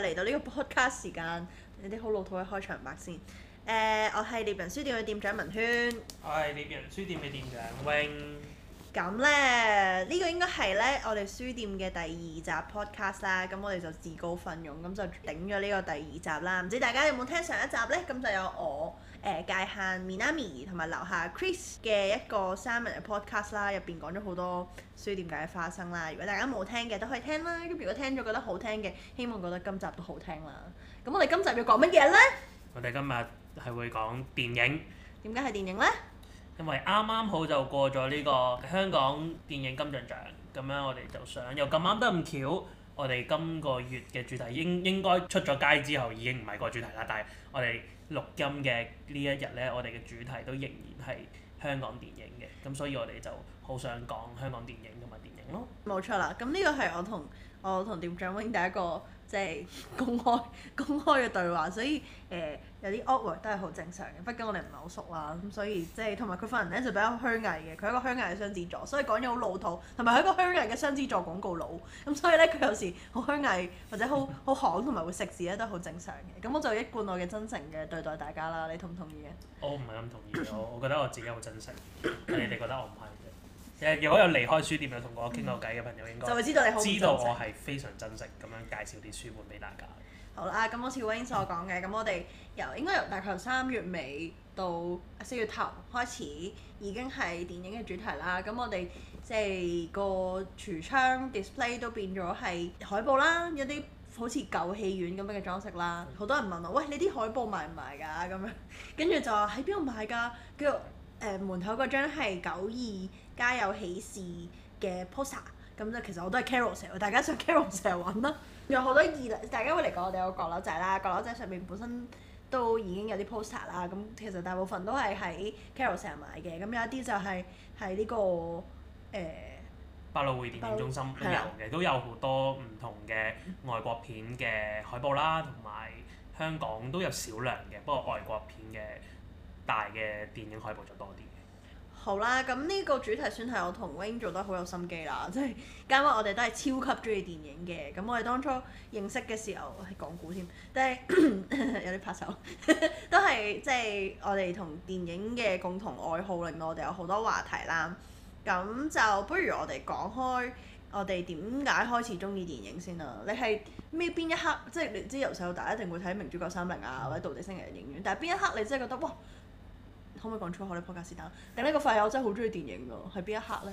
嚟到呢個 podcast 時間，你啲好老土嘅開場白先。誒、呃，我係獵人書店嘅店長萱。我係獵人書店嘅店長。Wayne。咁咧，呢、呢個應該係咧我哋書店嘅第二集 podcast 啦。咁我哋就自告奮勇，咁就頂咗呢個第二集啦。唔知大家有冇聽上一集咧？咁就有我。誒界限 Minami 同埋樓下 Chris 嘅一個三人嘅 podcast 啦，入邊講咗好多書店嘅花生啦。如果大家冇聽嘅都可以聽啦。咁如果聽咗覺得好聽嘅，希望覺得今集都好聽啦。咁我哋今集要講乜嘢呢？我哋今日係會講電影。點解係電影呢？因為啱啱好就過咗呢個香港電影金像獎，咁樣我哋就想又咁啱得咁巧，我哋今個月嘅主題應應該出咗街之後已經唔係個主題啦，但係我哋，錄音嘅呢一日呢，我哋嘅主題都仍然係香港電影嘅，咁所以我哋就好想講香港電影同埋電影咯。冇錯啦，咁呢個係我同我同店長 Wayne 第一個。即係公開公開嘅對話，所以誒、呃、有啲 awkward 都係好正常嘅，畢竟我哋唔係好熟啦、啊，咁所以即係同埋佢份人咧就比較虛偽嘅，佢係一個虛偽嘅雙子座，所以講嘢好老土，同埋係一個虛偽嘅雙子座廣告佬，咁所以咧佢有時好虛偽或者好好行，同埋會食字咧都好正常嘅，咁我就有一貫我嘅真誠嘅對待大家啦，你同唔同意啊？我唔係咁同意，我我覺得我自己好真誠， 你哋覺得我？誒，如果有離開書店有同、嗯、我傾過偈嘅朋友，應該就會知道你好，知道我係非常珍惜咁樣介紹啲書本俾大家。好啦，咁好似 Wayne 所講嘅，咁、嗯、我哋由應該由大概三月尾到四月頭開始，已經係電影嘅主題啦。咁我哋即係個櫥窗 display 都變咗係海報啦，有啲好似舊戲院咁樣嘅裝飾啦。好、嗯、多人問我，喂，你啲海報賣唔賣㗎？咁樣跟住就話喺邊度買㗎？叫住誒、呃、門口嗰張係九二家有喜事嘅 poster，咁就其實我都係 Carol 社，大家上 Carol 社揾啦。 有好多二，大家會嚟講我哋有閣樓仔啦，閣樓仔上面本身都已經有啲 poster 啦。咁其實大部分都係喺 Carol 社買嘅，咁有一啲就係喺呢個誒百老匯電影中心都有嘅，啊、都有好多唔同嘅外國片嘅海報啦，同埋 香港都有少量嘅， 不過外國片嘅大嘅電影海報就多啲。好啦，咁呢個主題算係我同 Wayne 做得好有心機啦，即係間話我哋都係超級鍾意電影嘅。咁我哋當初認識嘅時候係講古添， 即係有啲拍手，都係即係我哋同電影嘅共同愛好，令到我哋有好多話題啦。咁就不如我哋講開我哋點解開始鍾意電影先啦。你係咩邊一刻？即係你知由細到大一定會睇《明珠角三零》啊，或者《盜地星人》嘅影院，但係邊一刻你真係覺得哇？可唔可以講《粗口？利破格史丹》？但呢個發現我真係好中意電影㗎，係邊一刻咧？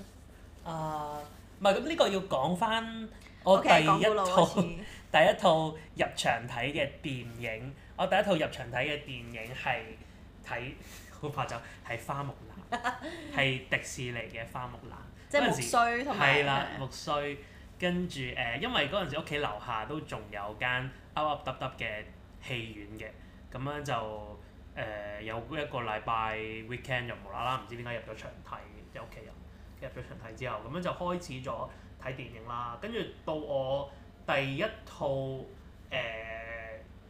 啊、uh，唔係咁呢個要講翻我第一套、okay, 第一套入場睇嘅電影。我第一套入場睇嘅電影係睇好拍就係《花木蘭》，係 迪士尼嘅《花木蘭》即木須。即木須同埋。係啦，木須。跟住誒，因為嗰陣時屋企樓下都仲有間凹凹凸凸嘅戲院嘅，咁樣就。誒、呃、有一個禮拜 weekend 又無啦啦唔知點解入咗場睇，即屋企人，入咗場睇之後，咁樣就開始咗睇電影啦。跟住到我第一套誒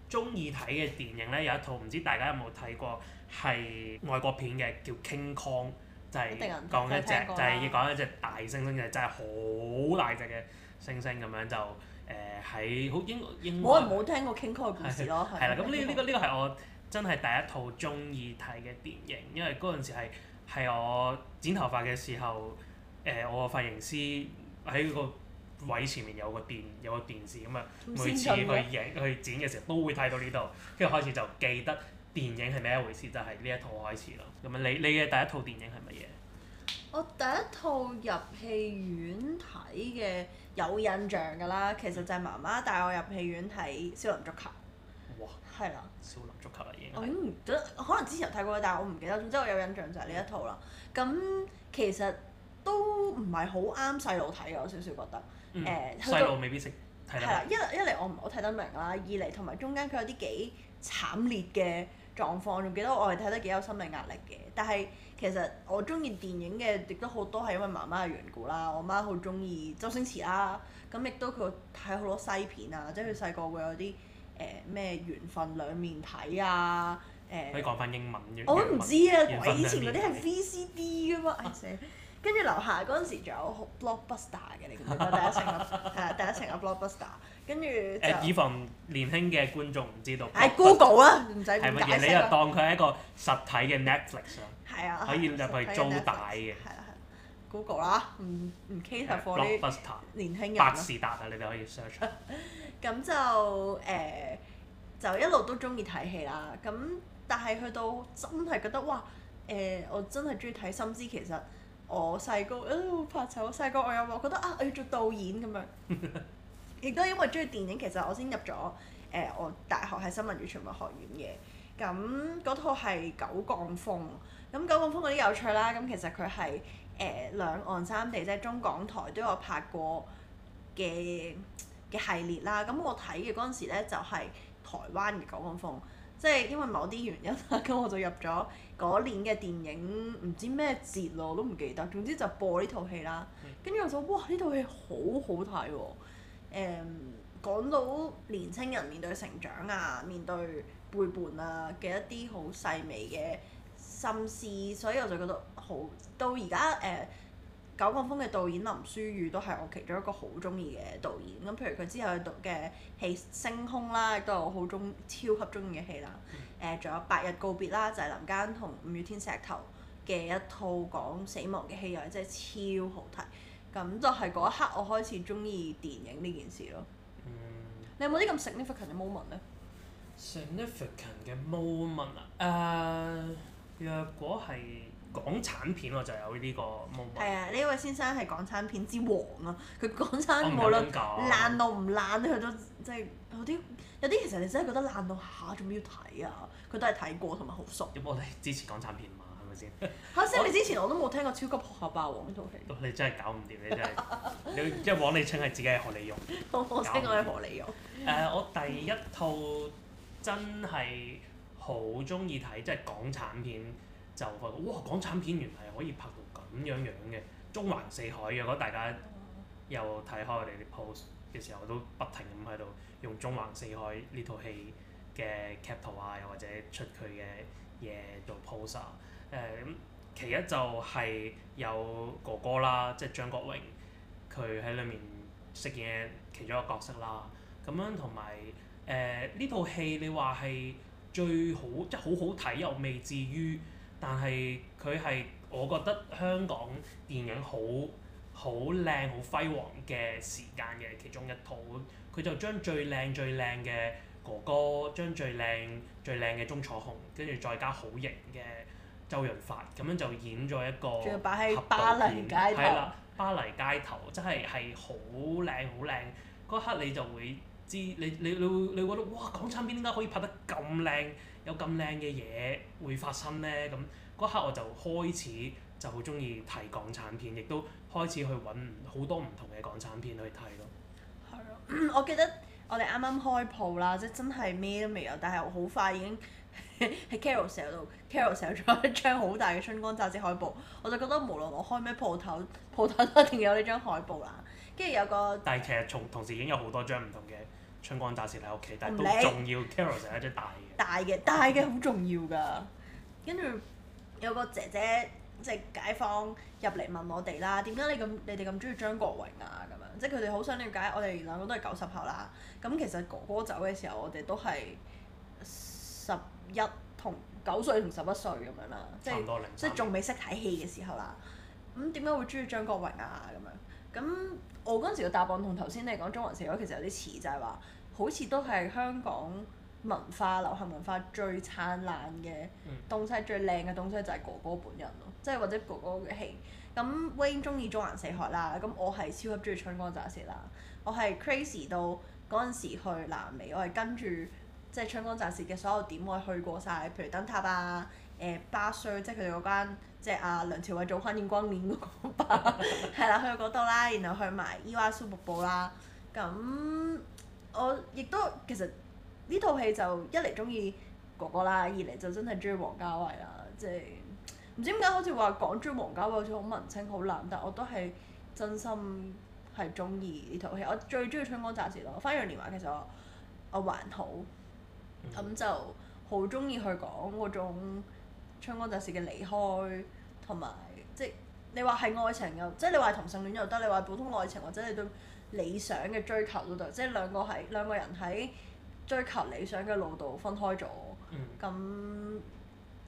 鍾意睇嘅電影咧，有一套唔知大家有冇睇過？係外國片嘅叫《King Kong》，就係講一隻一就係講一隻大猩猩嘅，真係好大隻嘅猩猩咁樣就誒喺好英英。我冇聽過 King Kong 嘅故事咯。係啦是，咁呢呢個呢個係我。真係第一套鍾意睇嘅電影，因為嗰陣時係係我剪頭髮嘅時候，誒、呃、我個髮型師喺個位前面有個電有個電視咁啊，每次去影去、去剪嘅時候都會睇到呢度，跟住開始就記得電影係咩一回事，就係、是、呢一套開始咯。咁啊，你你嘅第一套電影係乜嘢？我第一套入戲院睇嘅有印象㗎啦，其實就係媽媽帶我入戲院睇《少林足球》。係啦，少林足球啊，已經，我唔記得，可能之前有睇過，但係我唔記得。總之我有印象就係呢一套啦。咁其實都唔係好啱細路睇嘅，我少少覺得。誒，細路未必識。係啦。一嚟一嚟我我唔睇得明啦，二嚟同埋中間佢有啲幾慘烈嘅狀況，仲記得我係睇得幾有心理壓力嘅。但係其實我中意電影嘅，亦都好多係因為媽媽嘅緣故啦。我媽好中意周星馳啦，咁亦都佢睇好多西片啊，即係佢細個會有啲。誒咩、呃、緣分兩面睇啊！誒、呃、可以講翻英文嘅，文我唔知啊。鬼以前嗰啲係 VCD 嘅嘛，跟住、 哎、樓下嗰陣時仲有 Blockbuster 嘅，你記唔記得第一層 啊？第一層嘅 Blockbuster，跟住、呃、以防年輕嘅觀眾唔知道、哎，誒 Google 啦、啊，唔使唔介意，你又當佢係一個實體嘅 Netflix 啊，係 啊，可以入去租帶嘅，係啦係啦，Google 啦、啊，唔唔 care for 年輕人，百事達啊，你哋可以 search。咁就誒、呃，就一路都中意睇戲啦。咁但係去到真係覺得哇，誒、呃、我真係中意睇。甚至其實我細個啊怕醜，細、呃、個我有冇覺得啊我要做導演咁樣？亦都 因為中意電影，其實我先入咗誒、呃、我大學係新聞與傳媒學院嘅。咁嗰套係《九降風》。咁《九降風》嗰啲有趣啦。咁其實佢係誒兩岸三地即係、就是、中港台都有拍過嘅。嘅系列啦，咁我睇嘅嗰陣時咧就係台灣嘅《九降風》，即係因為某啲原因啦，咁 我就入咗嗰年嘅電影，唔知咩節咯，都唔記得。總之就播呢套戲啦，跟住、嗯、我就哇呢套戲好好睇喎，誒講、嗯、到年輕人面對成長啊，面對背叛啊嘅一啲好細微嘅心思，所以我就覺得好到而家誒。呃《九降風》嘅導演林書宇都係我其中一個好中意嘅導演，咁譬如佢之後去導嘅戲《星空》啦，亦都係我好中超級中意嘅戲啦。誒、嗯，仲有《百日告別》啦，就係、是、林間同五月天石頭嘅一套講死亡嘅戲，又係真係超好睇。咁就係嗰一刻我開始中意電影呢件事咯。嗯、你有冇啲咁 significant moment 咧？significant moment 啊，誒、嗯呃，若果係。港產片我就有呢個夢話。係啊，呢位先生係港產片之王啊！佢港產無論爛到唔爛，佢都即係有啲有啲，其實你真係覺得爛到下，仲要睇啊？佢都係睇過同埋好熟。不過我哋支持港產片嘛，係咪先？嚇說！雖然 我之前我都冇聽過《超級學校霸王》呢套戲。你真係搞唔掂， 你真係你即係枉你稱係自己係荷里活。 我聽講係荷里活。誒， uh, 我第一套真係好鍾意睇，即係港產片。就發覺哇！港產片原來係可以拍到咁樣樣嘅，縱橫四海，如果大家又睇開我哋啲 post 嘅時候，我都不停咁喺度用縱橫四海呢套戲嘅劇圖啊，又或者出佢嘅嘢做 poster。誒、呃、咁，其一就係有哥哥啦，即、就、係、是、張國榮佢喺裏面飾演其中一個角色啦。咁樣同埋誒呢套戲，你話係最好即係、就是、好好睇，又未至於。但係佢係我覺得香港電影好好靚好輝煌嘅時間嘅其中一套，佢就將最靚最靚嘅哥哥，將最靚最靚嘅鍾楚紅，跟住再加好型嘅周潤發，咁樣就演咗一個。仲要擺喺巴黎街頭。係啦，巴黎街頭真係係好靚好靚，嗰刻你就會知你你你，你會你會覺得哇，港產片點解可以拍得咁靚？有咁靚嘅嘢會發生咧，咁嗰刻我就開始就好鍾意睇港產片，亦都開始去揾好多唔同嘅港產片去睇咯。我記得我哋啱啱開鋪啦，即真係咩都未有，但係我好快已經喺 Carol 社度 ，Carol 社度裝一張好大嘅《春光乍泄》海報，我就覺得無論我開咩鋪頭，鋪頭都一定有呢張海報啦。跟住有個，但係其實從同時已經有好多張唔同嘅。春光乍泄喺屋企，但係都重要。Carol 就係一隻大嘅，大嘅大嘅好重要㗎。跟住有個姐姐即係、就是、解放入嚟問我哋啦，點解你咁你哋咁中意張國榮啊？咁樣即係佢哋好想了解我哋兩個都係九十後啦。咁其實哥哥走嘅時候，我哋都係十一同九歲同十一歲咁樣啦，即係即係仲未識睇戲嘅時候啦。咁點解會中意張國榮啊？咁樣。咁我嗰陣時嘅答案同頭先你講《中環四友》其實有啲似，就係、是、話。好似都係香港文化、流行文化最燦爛嘅東西、最靚嘅東西就係哥哥本人咯，即係或者哥哥嘅戲。咁 Wayne 中意縱橫四海啦，咁我係超級中意春光乍泄啦。我係 crazy 到嗰陣時去南美，我係跟住即係春光乍泄嘅所有點，我去過晒，譬如燈塔啊，巴霜，即係佢哋嗰間即係阿梁朝偉做婚宴光年嗰個吧，係啦，去到嗰度啦，然後去埋伊娃蘇瀑布啦，咁。我亦都其實呢套戲就一嚟中意哥哥啦，二嚟就真係中意王家衛啦。即係唔知點解好似話講中意王家衛好似好文青好懶，但我都係真心係中意呢套戲。我最中意《春光乍泄》咯，《花樣年華》其實我我還好，咁、嗯嗯、就好中意去講嗰種《春光乍泄》嘅離開同埋即係你話係愛情又即係你話同性戀又得，你話普通愛情或者你對，理想嘅追求度，即係兩個喺兩個人喺追求理想嘅路度分開咗，咁、嗯、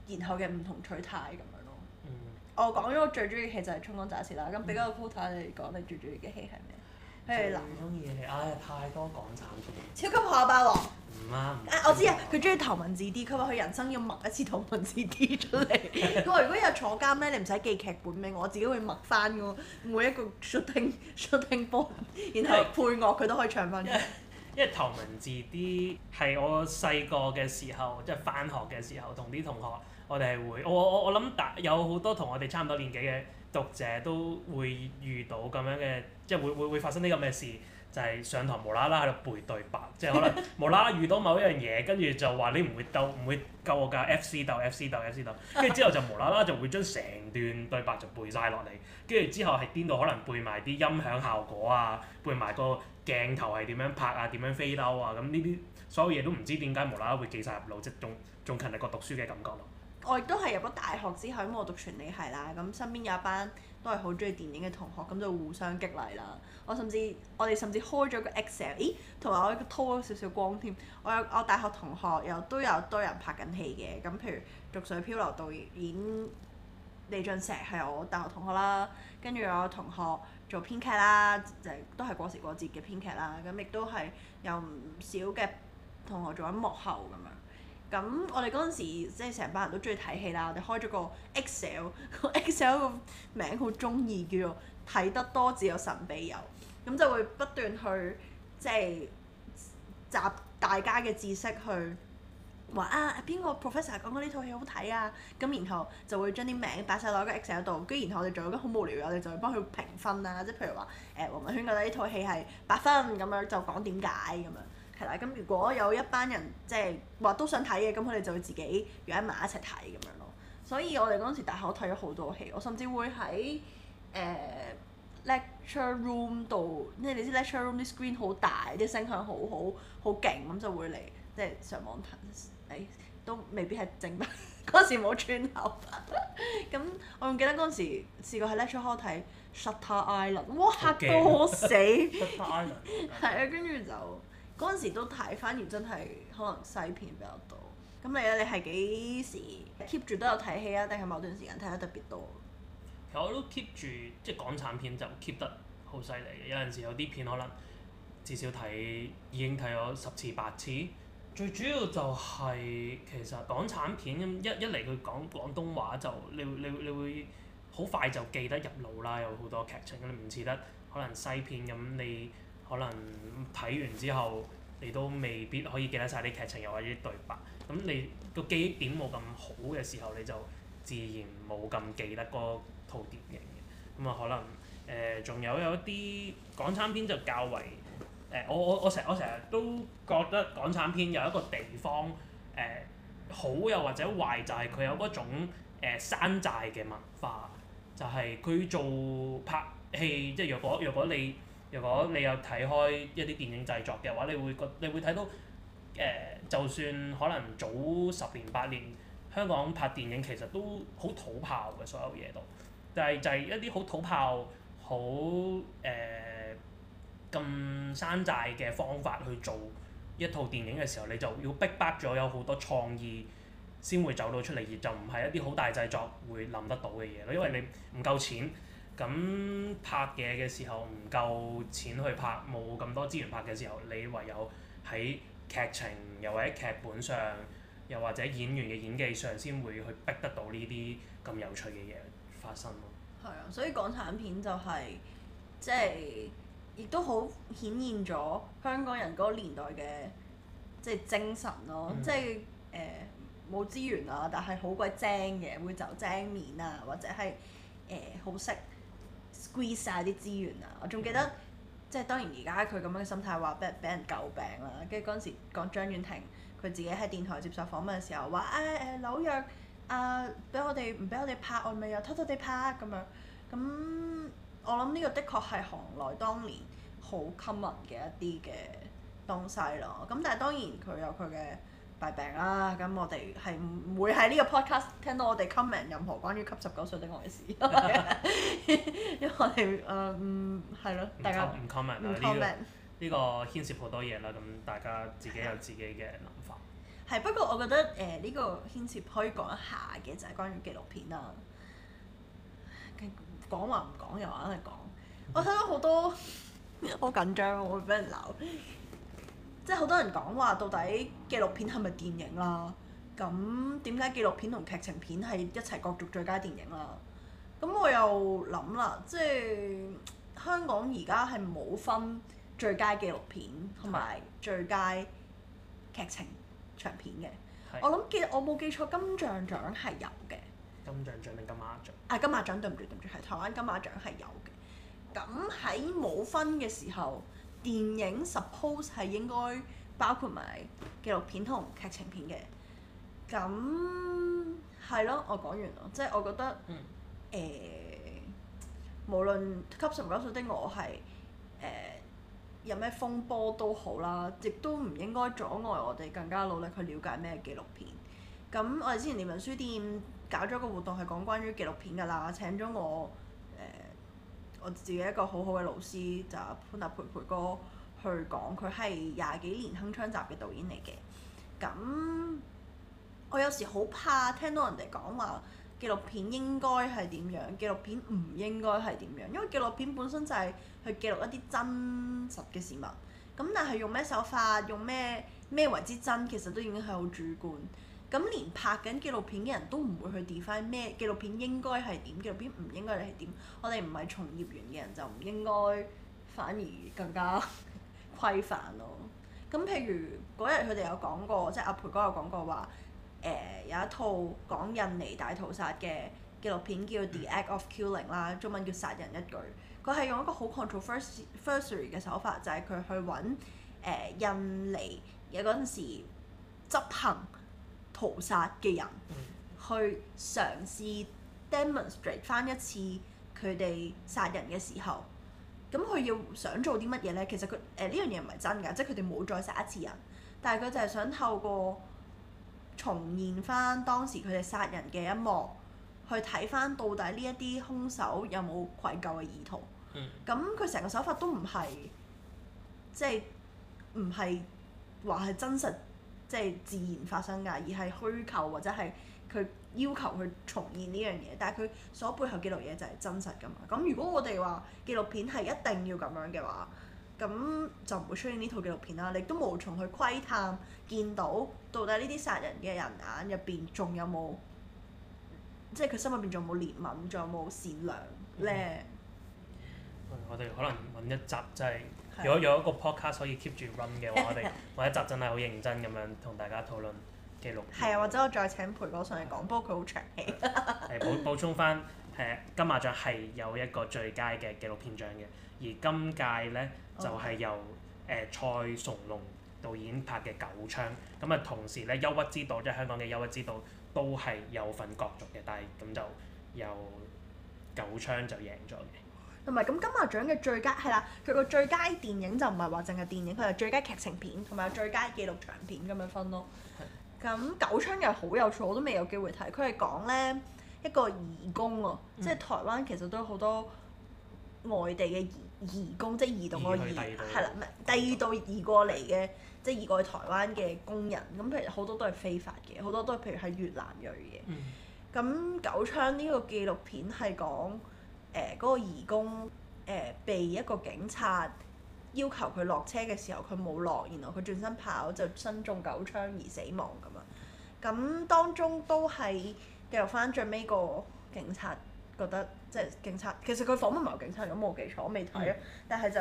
然後嘅唔同取態咁樣咯。嗯、我講咗我最中意嘅戲就係、是、《春光乍泄》啦。咁俾個 quota er 你講你最中意嘅戲係咩？最中意係，唉太多港產片，超級火霸王。唔啱啊、哎、我知啊，佢中意頭文字 D，佢話佢人生要默一次頭文字 D 出嚟。佢話 如果有坐監咧，你唔使記劇本名，我自己會默翻㗎，每一個 shooting shooting part，然後配樂佢都可以唱翻。因為頭文字 D 係我細個嘅時候，即係翻學嘅時候，同啲同學，我哋係會，我我我諗大有好多同我哋差唔多年紀嘅讀者都會遇到咁樣嘅。即係會會會發生啲咁嘅事，就係上堂無啦啦喺度背對白，即係可能無啦啦遇到某一樣嘢，跟住就話你唔會鬥唔會夠我㗎，FC 鬥 FC 鬥 FC 鬥，跟住 之後就無啦啦就會將成段對白就背晒落嚟，跟住之後係邊度可能背埋啲音響效果啊，背埋個鏡頭係點樣拍啊，點樣飛嬲啊，咁呢啲所有嘢都唔知點解無啦啦會記晒入腦，即係仲仲勤力過讀書嘅感覺咯。我亦都係入咗大學之後，咁我讀傳理系啦，咁身邊有一班都係好中意電影嘅同學，咁就互相激勵啦。我甚至我哋甚至開咗個 Excel，咦，同埋我拖咗少少光添。我有我大學同學又都有多人拍緊戲嘅，咁譬如《濁水漂流》導演李駿碩係我大學同學啦，跟住我同學做編劇啦，就都係過時過節嘅編劇啦。咁亦都係有唔少嘅同學做緊幕後咁樣。咁我哋嗰陣時即係成班人都中意睇戲啦，我哋開咗個 Excel，個 Excel 個名好中意叫做睇得多自有神秘友，咁就會不斷去即係集大家嘅知識去話啊邊個 professor 講嗰呢套戲好睇啊，咁、啊、然後就會將啲名擺晒落個 Excel 度，跟住然後我哋做啲好無聊嘅，我哋就會幫佢評分啊，即係譬如話誒黃文軒覺得呢套戲係八分咁樣，樣，就講點解咁樣。係啦，咁如果有一班人即係話都想睇嘅，咁佢哋就會自己約埋一齊睇咁樣咯。所以我哋嗰陣時大學睇咗好多戲，我甚至會喺誒、呃、lecture room 度，即係你知 lecture room 啲 screen 好大，啲聲響好好好勁，咁就會嚟即係上網睇。誒、欸、都未必係正版，嗰時冇串流。咁我仲記得嗰陣時試過喺 lecture hall 睇 Shutter Island，哇嚇到我死！Shutter Island 係啊，跟住害 就～嗰陣時都睇翻完，真係可能西片比較多。咁你咧？你係幾時 keep 住都有睇戲啊？定係某段時間睇得特別多？其實我都 keep 住，即係港產片就 keep 得好犀利嘅。有陣時有啲片可能至少睇已經睇咗十次八次。最主要就係、是、其實港產片咁一一嚟佢講廣東話就，就你，你，你，你，你會你會你會好快就記得入腦啦。有好多劇情，你唔似得可能西片咁你。可能睇完之後，你都未必可以記得晒啲劇情又或者啲對白。咁你個記憶點冇咁好嘅時候，你就自然冇咁記得嗰套電影嘅。咁啊，可能誒仲有有一啲港產片就較為誒、呃，我我我成我成日都覺得港產片有一個地方誒、呃、好又或者壞就，就係佢有嗰種山寨嘅文化，就係、是、佢做拍戲，即係若果若果你。如果你有睇開一啲電影製作嘅話，你會覺你會睇到，誒、呃，就算可能早十年八年，香港拍電影其實都好土炮嘅，所有嘢都，但係就係、是就是、一啲好土炮、好誒咁山寨嘅方法去做一套電影嘅時候，你就要逼迫咗有好多創意先會走到出嚟，而就唔係一啲好大製作會諗得到嘅嘢咯，因為你唔夠錢。咁拍嘢嘅時候唔夠錢去拍，冇咁多資源拍嘅時候，你唯有喺劇情又或者劇本上，又或者演員嘅演技上，先會去逼得到呢啲咁有趣嘅嘢發生咯。係啊，所以港產片就係、是、即係亦都好顯現咗香港人嗰個年代嘅即係精神咯，嗯、即係誒冇資源啊，但係好鬼精嘅，會走精面啊，或者係誒、呃、好識。squeeze 晒啲資源啊！我仲記得，hmm. 即係當然而家佢咁樣嘅心態話俾俾人詬病啦。跟住嗰陣時講張婉婷，佢自己喺電台接受訪問嘅時候話，誒誒、哎呃、紐約啊，俾、呃、我哋唔俾我哋拍，我咪又偷偷哋拍咁樣。咁我諗呢個的確係行內當年好 common 嘅一啲嘅東西咯。咁但係當然佢有佢嘅。弊病啦、啊，咁我哋係唔會喺呢個 podcast 聽到我哋 comment 任何關於給十九歲的我件事， 因為我哋誒嗯係咯，大家唔 comment 啊，呢個呢、呢個牽涉好多嘢啦，咁大家自己有自己嘅諗法。係不過我覺得誒呢、呃呢個牽涉可以講一下嘅就係關於紀錄片啦。講話唔講又硬係講，我睇到好多 好緊張，我會俾人鬧。即係好多人講話，到底紀錄片係咪電影啦？咁點解紀錄片同劇情片係一齊角逐最佳電影啦？咁我又諗啦，即係香港而家係冇分最佳紀錄片同埋最佳劇情長片嘅有。我諗記我冇記錯，金像獎係有嘅。金像獎定金馬獎？啊，金馬獎對唔住對唔住，係台灣金馬獎係有嘅。咁喺冇分嘅時候。電影 suppose 係應，應該包括埋紀錄片同劇情片嘅，咁係咯，我講完咯，即係我覺得，誒、嗯呃，無論《給十九歲的我》係誒、呃、有咩風波都好啦，亦都唔應該阻礙我哋更加努力去了解咩紀錄片。咁我哋之前連文書店搞咗個活動係講關於紀錄片㗎啦，請咗我。我自己一個好好嘅老師，就係、潘達培培哥去講，佢係廿幾年鏗鏘集嘅導演嚟嘅。咁我有時好怕聽到人哋講話紀錄片應該係點樣，紀錄片唔應該係點樣，因為紀錄片本身就係去記錄一啲真實嘅事物。咁但係用咩手法，用咩咩為之真，其實都已經係好主觀。咁連拍緊紀錄片嘅人都唔會去 define 咩紀錄片應該係點，紀錄片唔應該係點。我哋唔係從業員嘅人就唔應該反而更加 規範咯。咁譬如嗰日佢哋有講過，即係阿培哥有講過話，誒、呃、有一套講印尼大屠殺嘅紀錄片叫《The Act of Killing》啦，中文叫《殺人一句》。佢係用一個好 controversial 嘅手法，就係、是、佢去揾誒、呃、印尼嘅嗰陣時執行。屠殺嘅人、嗯、去嘗試 demonstrate 翻一次佢哋殺人嘅時候，咁佢要想做啲乜嘢呢？其實佢誒呢樣嘢唔係真㗎，即係佢哋冇再殺一次人，但係佢就係想透過重現翻當時佢哋殺人嘅一幕，去睇翻到底呢一啲兇手有冇愧疚嘅意圖。咁佢成個手法都唔係即係唔係話係真實。即係自然發生㗎，而係虛構或者係佢要求去重現呢樣嘢，但係佢所背後記錄嘢就係真實㗎嘛。咁如果我哋話紀錄片係一定要咁樣嘅話，咁就唔會出現呢套紀錄片啦。你都無從去窺探見到到底呢啲殺人嘅人眼入邊仲有冇，即係佢心入邊仲有冇憐憫，仲有冇善良咧，嗯，呢？嗯，我哋可能揾一集即係。 如果有一個 podcast 可以 keep 住 run 嘅話， 我哋我一集真係好認真咁樣同大家討論紀錄。 係 啊樂，或者我再請培哥上嚟講，不過佢好長氣。誒補 補充翻，誒金馬獎係有一個最佳嘅紀錄片獎嘅，而今屆咧就係由誒蔡崇隆導演拍嘅《九槍》咁啊，同時咧《憂鬱之島》即係香港嘅《憂鬱之島》都係有份角逐嘅，但係咁就由《九槍》就贏咗嘅。同埋咁金馬獎嘅最佳係啦，佢個最佳電影就唔係話淨係電影，佢係最佳劇情片同埋最佳紀錄長片咁樣分咯。係的。咁九槍又好有趣，我都未有機會睇。佢係講呢一個移工喎，嗯、即係台灣其實都好多外地嘅移移工，即係移動嘅移，係啦，唔係第二度移過嚟嘅，即係移過去台灣嘅工人。咁譬如好多都係非法嘅，好多都係譬如係越南裔嘅。嗯。咁九槍呢個紀錄片係講。誒嗰、呃那個移工誒、呃、被一個警察要求佢落車嘅時候，佢冇落，然後佢轉身跑，就身中九槍而死亡咁啊！咁當中都係繼續翻最尾個警察覺得，即係警察其實佢訪問唔係警察，如果冇記錯，我未睇，嗯、但係就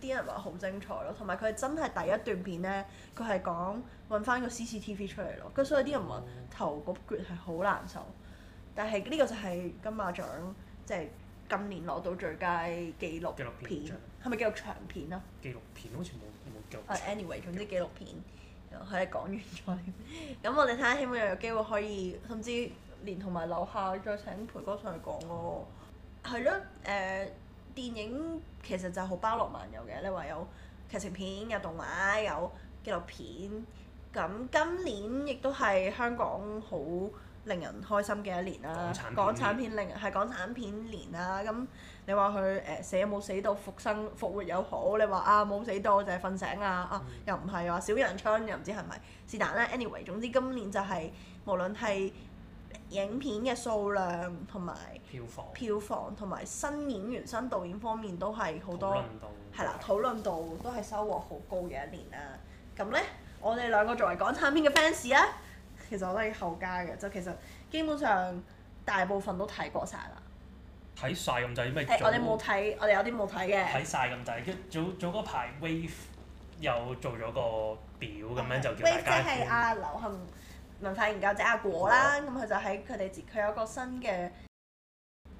啲人話好精彩咯。同埋佢真係第一段片咧，佢係講揾翻個 CCTV 出嚟咯。咁所以啲人話頭嗰橛係好難受，但係呢個就係金馬獎即係。就是今年攞到最佳紀錄片，係咪叫做長片啊？紀錄片好似冇冇。誒，anyway，總之紀錄片，佢係講完再。咁 我哋睇下，希望又有機會可以，甚至連同埋樓下再請培哥上去講咯。係咯、嗯，誒、呃，電影其實就好包羅萬有嘅。你話有劇情片、有動畫、有紀錄片。咁今年亦都係香港好。令人開心嘅一年啦、啊，港產片，港產片令人係港產片年啦、啊。咁你話佢誒死有冇死到復生復活又好？你話啊冇死到就係瞓醒啊，嗯、啊又唔係話小陽春又唔知係咪？是但啦，anyway，總之今年就係、是、無論係影片嘅數量同埋票房、票房同埋新演員、新導演方面都係好多，係啦，討論度都係收穫好高嘅一年啦、啊。咁呢，我哋兩個作為港產片嘅 fans 啊！其實我都係後加嘅，就其實基本上大部分都睇過晒啦。睇晒咁就咩？我哋冇睇，我哋有啲冇睇嘅。睇晒咁就係早早嗰排 wave 又做咗個表咁樣就叫大家。wave 係阿流行文化研究者阿果啦，咁佢就喺佢哋佢有個新嘅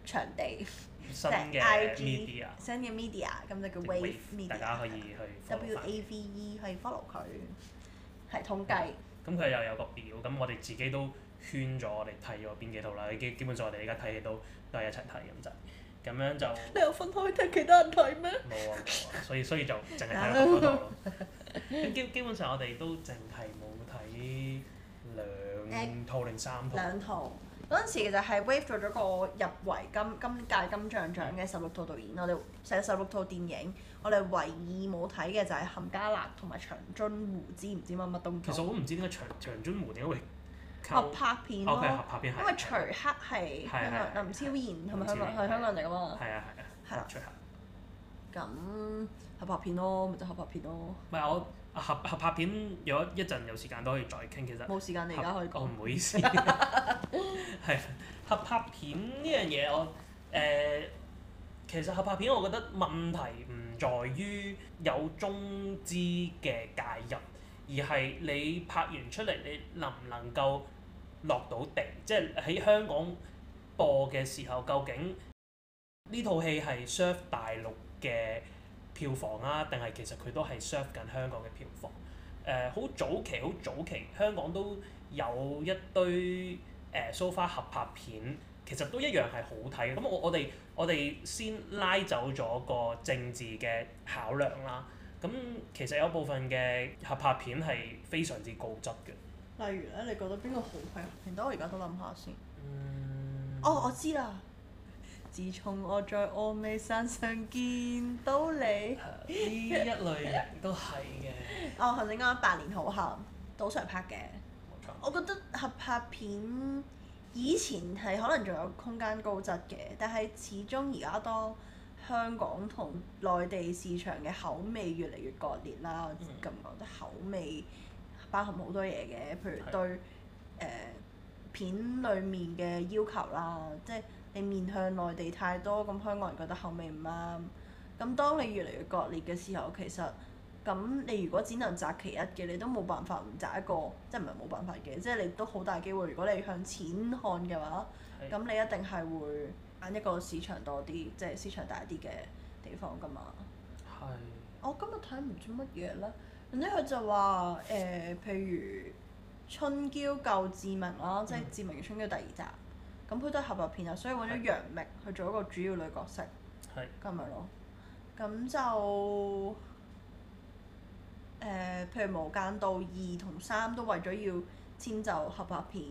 場地，即係 IG 新嘅 media，咁就叫 wave media。大家可以去 WAVE 可以 follow 佢，係統計。咁佢又有個表，咁我哋自己都圈咗，我哋睇咗邊幾套啦。基基本上我哋而家睇戲都都係一齊睇咁就，咁樣就你有分開睇其他人睇咩？冇啊冇啊，所以所以就淨係睇一個套。咁基基本上我哋都淨係冇睇兩套定三套。兩套。嗰陣時其實係 Wayne 做咗個入圍金今屆金像獎嘅十六套導演，我哋寫咗十六套電影，我哋唯二冇睇嘅就係《闔家辣》同埋《長津湖》，知唔知乜乜東？其實我都唔知點解《長長津湖》點解會合拍片咯，因為徐克係香港，林超賢係咪香港，係香港人嚟㗎嘛？係啊係啊，係啦。咁合拍片咯，咪就合拍片咯。唔係我。合合拍片，如果一陣有時間都可以再傾。其實冇時間你而家可以講。唔好意思。係 合拍片呢樣嘢，我誒、呃、其實合拍片，我覺得問題唔在於有中資嘅介入，而係你拍完出嚟，你能唔能夠落到地，即係喺香港播嘅時候，究竟呢套戲係 serve 大陸嘅？票房啊，定係其實佢都係 serve 緊香港嘅票房。誒、呃，好早期，好早期，香港都有一堆誒 so far 合拍片，其實都一樣係好睇嘅。咁我我哋我哋先拉走咗個政治嘅考量啦。咁其實有部分嘅合拍片係非常之高質嘅。例如咧，你覺得邊個好睇？合拍，等我而家都諗下先。嗯。哦，我知啦。自從我在峨眉山上見到你，呢 一類人都係嘅。哦，頭先講《百年好合》錯，賭場拍嘅。我覺得合拍片以前係可能仲有空間高質嘅，但係始終而家當香港同內地市場嘅口味越嚟越割裂啦。咁覺得口味包含好多嘢嘅，譬如對誒的、呃、片裡面嘅要求啦，即係。你面向內地太多，咁香港人覺得口味唔啱。咁當你越嚟越割裂嘅時候，其實咁你如果只能擇其一嘅，你都冇辦法唔擇一個，即係唔係冇辦法嘅，即係你都好大機會。如果你向錢看嘅話，咁是你一定係會揀一個市場多啲，即係市場大啲嘅地方㗎嘛。係是。我今日睇唔出乜嘢咧，然後佢就話誒、呃，譬如春嬌救志明啦，即係《志明與春嬌》第二集。嗯。咁佢都係合拍片啊，所以揾咗楊冪去做一個主要女角色，咁咪咯。咁就誒、呃，譬如《無間道》二同三都為咗要遷就合拍片，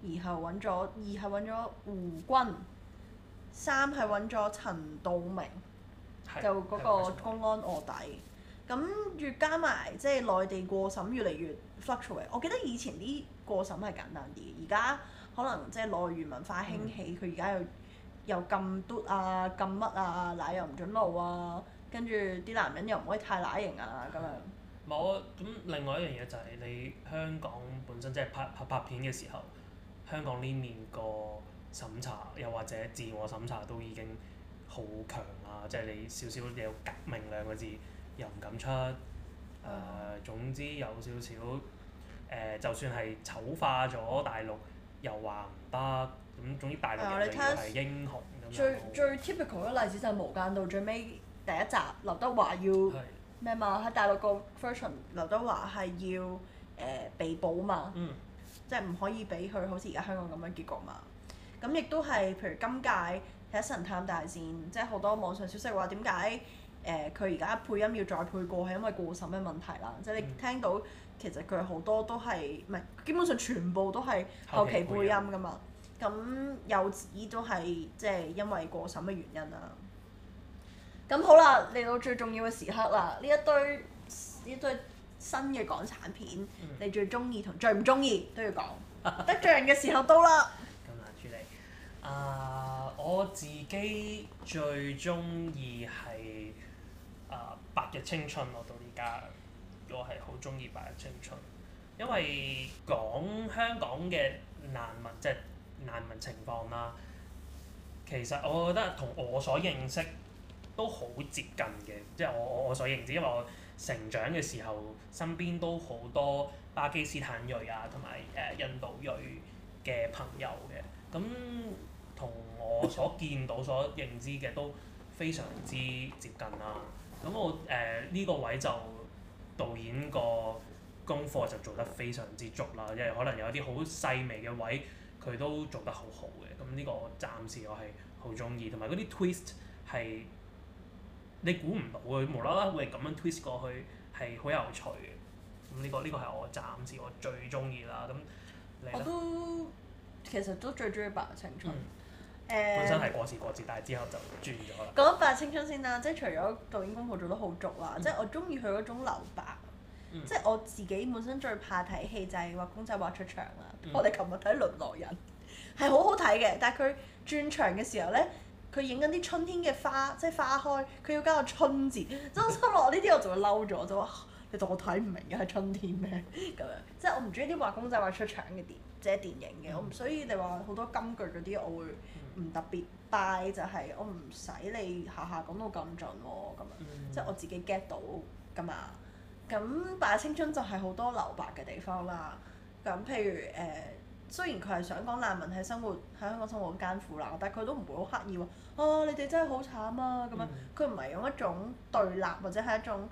然後揾咗二係揾咗胡軍，三係揾咗陳道明，的就嗰個公安臥底。咁越加埋即係內地過審越嚟越 fluctuate。我記得以前啲過審係簡單啲，而家。可能即係內娛文化興起，佢而家又又咁嘟啊，咁乜啊，奶又唔準露啊，跟住啲男人又唔可以太乸型啊咁樣。冇、嗯，咁另外一樣嘢就係、是、你香港本身即係拍拍，拍片嘅時候，香港呢面個審查又或者自我審查都已經好強啊。即、就、係、是、你少少有革命兩個字又唔敢出。誒、嗯呃，總之有少少誒、呃，就算係醜化咗大陸。嗯又話唔得，咁總之大陸嘅戲係英雄、啊、最最 typical 嘅例子就係《無間道》最尾第一集，劉德華要咩的嘛？喺大陸個 version，劉德華係要誒、呃、被捕嘛，即係唔可以俾佢好似而家香港咁樣結局嘛。咁亦都係，譬如今屆喺《神探大戰》，即係好多網上消息話點解誒佢而家配音要再配過，係因為過審嘅問題啦，即、就、係、是、你聽到。嗯其實佢好多都係，唔係基本上全部都係後期配音噶嘛。咁幼子都係即係因為過審嘅原因啦、啊。咁好啦，嚟到最重要嘅時刻啦，呢一堆呢堆新嘅港產片，嗯、你最中意同最唔中意都要講， 得罪人嘅時候到啦。咁難住你？啊、呃，我自己最中意係啊《白日青春》咯，到而家。我係好中意白日青春，因為講香港嘅難民即係難民情況啦。其實我覺得同我所認識都好接近嘅，即係我我我所認知，因為我成長嘅時候身邊都好多巴基斯坦裔啊，同埋誒印度裔嘅朋友嘅。咁同我所見到所認知嘅都非常之接近啦。咁我誒呢個位就。導演個功課就做得非常之足啦，因為可能有啲好細微嘅位，佢都做得好好嘅。咁呢個暫時我係好中意，同埋嗰啲 twist 係你估唔到嘅，無啦啦會咁樣 twist 過去，係好有趣嘅。咁呢個呢個係我暫時我最中意啦。咁你我都其實都最中意白日青春。嗯、本身係過時過節，但係之後就轉咗啦。講白日青春先啦，即係除咗導演功課做得好足啦，嗯、即係我中意佢嗰種留白。嗯、即係我自己本身最怕睇戲就係畫公仔畫出場啦。嗯、我哋琴日睇《淪落人》係好好睇嘅，但係佢轉場嘅時候咧，佢影緊啲春天嘅花，即係花開，佢要加個春節。周心落呢啲我就會嬲咗， 就話你當我睇唔明嘅係、啊、春天咩咁樣？即係我唔中意啲畫公仔畫出場嘅電即係電影嘅。我唔、嗯、所以你話好多金句嗰啲，我會。唔特別拜就係、是、我唔使你下下講到咁準喎，咁樣，mm hmm. 即係我自己 get 到㗎嘛。咁《白日青春》就係好多留白嘅地方啦。咁譬如誒、呃，雖然佢係想講難民喺生活喺香港生活好艱苦啦，但係佢都唔會好刻意話。啊，你哋真係好慘啊！咁樣，佢唔係用一種對立或者係一種